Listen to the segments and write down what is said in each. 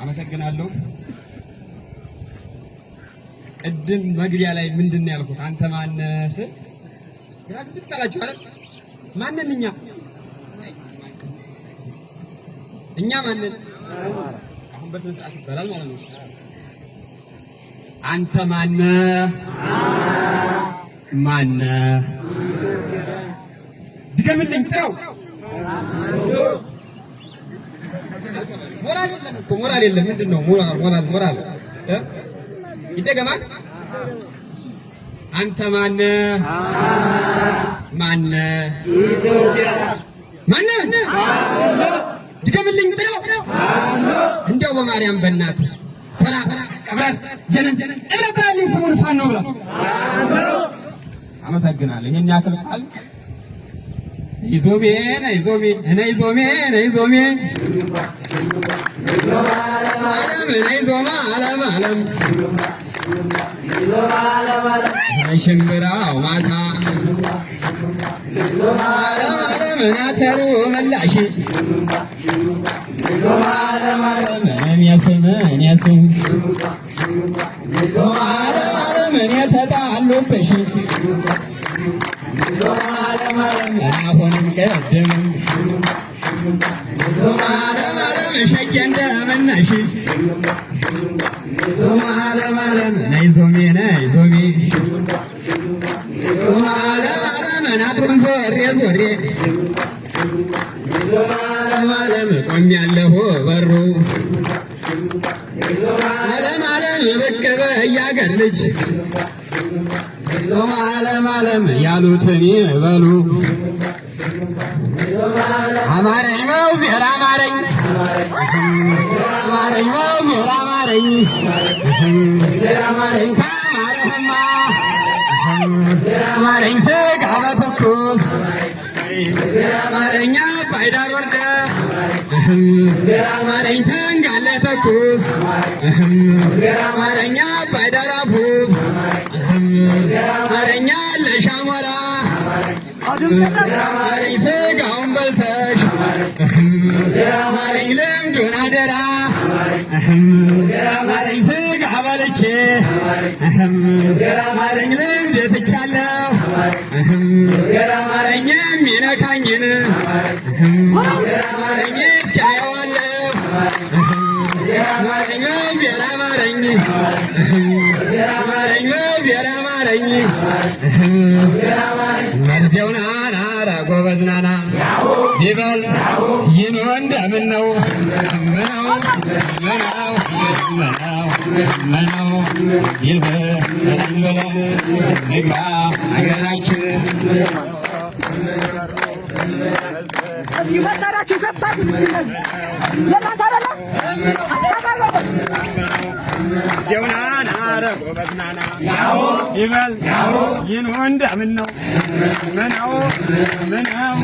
አመሰግናለሁ። ቅድም መግቢያ ላይ ምንድን ነው ያልኩት? አንተ ማነህ ስል ግራ ግብት አላችሁ አይደል? ማንን? እኛ እኛ ማንን? አሁን በስነ ስርዓት ይባላል ማለት ነው። አንተ ማነ ማነ ድገምልኝ፣ ጥራው። ሞራል የለም እኮ ሞራል የለም። ምንድን ነው ሞራል? ሞራል ሞራል ይደገማል። አንተ ማነ ማነ ማነ ድገምልኝ፣ ጥራው እንደው በማርያም በእናት ፈራ ቀብራት ጀነን እብራብራልኝ ስሙን ፋኖ ብላ አመሰግናለሁ። ይሄን ያክል ቃል ይዞሜ ነይዞሜ ነይዞሜ ነይዞሜ ነይዞማ አለም አለም ሽምብራው ማሳ ምናተሩ መላሽ እኔስምእኔስም እኔ ተጣሉብሽ አሁንም ቅድም ማለም አለም የሸቄ እንደምነሽ ማለም ዞሜ ነይ ዞሜ ማለም አለም ዞሬ ዞሬ ማለም አለም ቆሚያለሁ በሩ አለም አለም ብቅ በያገር ልጅ አለም አለም ያሉትን ይበሉ አማረኝ ነው ብሔር አማረኝ አማረኝ ነው ብሔር አማረኝ አማረኝ ከአማረህማ አማረኝ ስጋ በትኩስ አማረኛ ባይዳር ወርደ አማረኝ ተንጋለ ተኩስ አማረኛ ባይዳር አማረኝ ስጋው አማረኝ ልምዱን አደራ አማረኝ ስጋ በልቼ አማረኝ ልምድ ትቻለሁ አማረኝ የሚነካኝን አማረኝ እስኪያየዋለሁ አማረኝ አለኝ መርዜውና ናራ ጎበዝናና ቢበል ይኖ እንደምን ነው ምነው ምነው ምነው ይበል ንግባ አገራችን እዚህ መሳሪያችሁ ገባል አረጎ በዝናና ይበል ይንሆን እንደምን ነው ምነው ምነው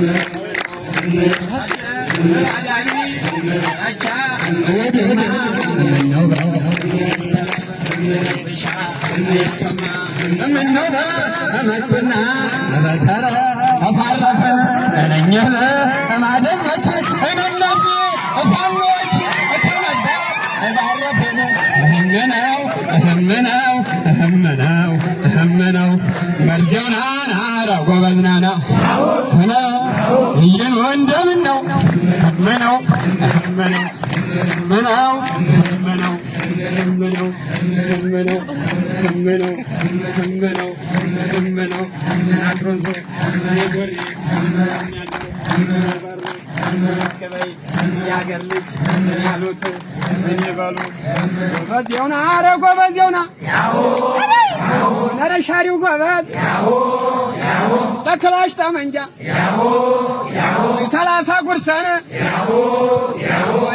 ምነው ምነው እህምነው እህምነው እህምነው እህምነው መርዜውና ናራ ጎበዝናና ህነው ይህን ወንደምን ነው እህምነው እህምነው እህምነው እህምነው እህምነው እህምነው እህምነው እህምነው እህምነው ናክሮንሶ ኔጎሪ ያለው አትቀበይ የሀገር ልጅ ምን ያሉት ምን ይበሉ ጎበዝ የሆነ አረ ጎበዝ የሆነ ሻሪው ጎበዝ በክላሽ ጠመንጃ ሰላሳ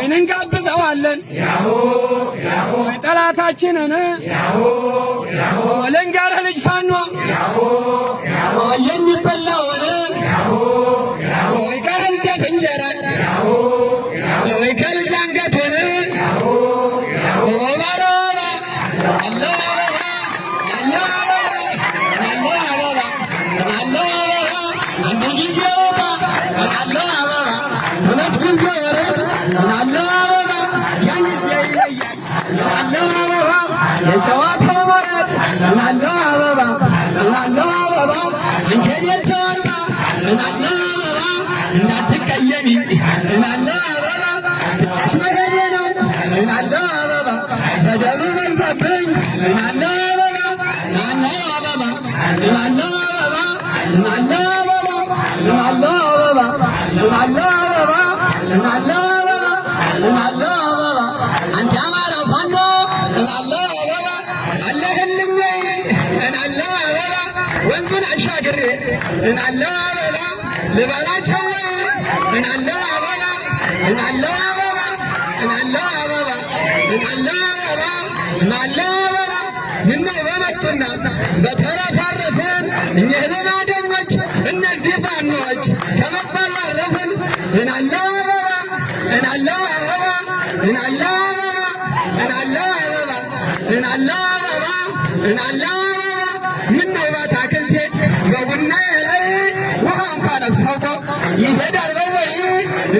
እንጋብዘዋለን ጠላታችንን ልጅ የሚበላውን I'm not ምን አለ አበባ ልበላቸው ምን አለ አበባ ምን አለ አበባ ምን አለ አበባ ምን አለ አበባ ምን አለ አበባ ምን በመጡና በተረፋረፍን እኛ ልማደኞች እነዚህ ፋኖች ከመባላረፍን ምን አለ አበባ ምን አለ አበባ ምን አለ አበባ ምን አለ አበባ ምን አለ አበባ ምን አለ አበባ ምን ነው ባታከ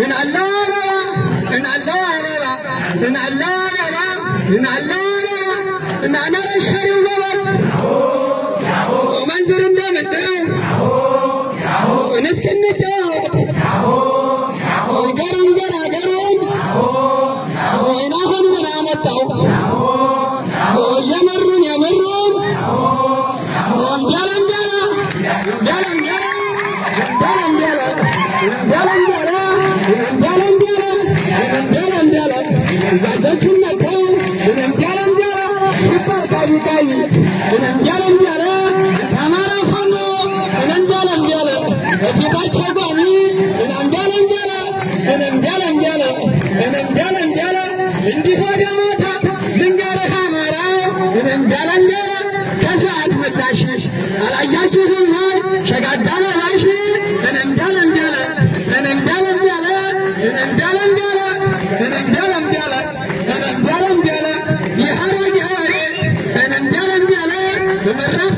من علالنا من لا من علالنا من علالنا من علالنا الشهر لا ومنزل النام الدين ونسكن نتاهد وقرن جرى قرن وإناهن من عمتهم ويمرن يمرن وانجلن جرى جلن جرى جلن جرى جلن አላያችሁም? ሸጋጋ I'm not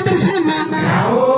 Adarsh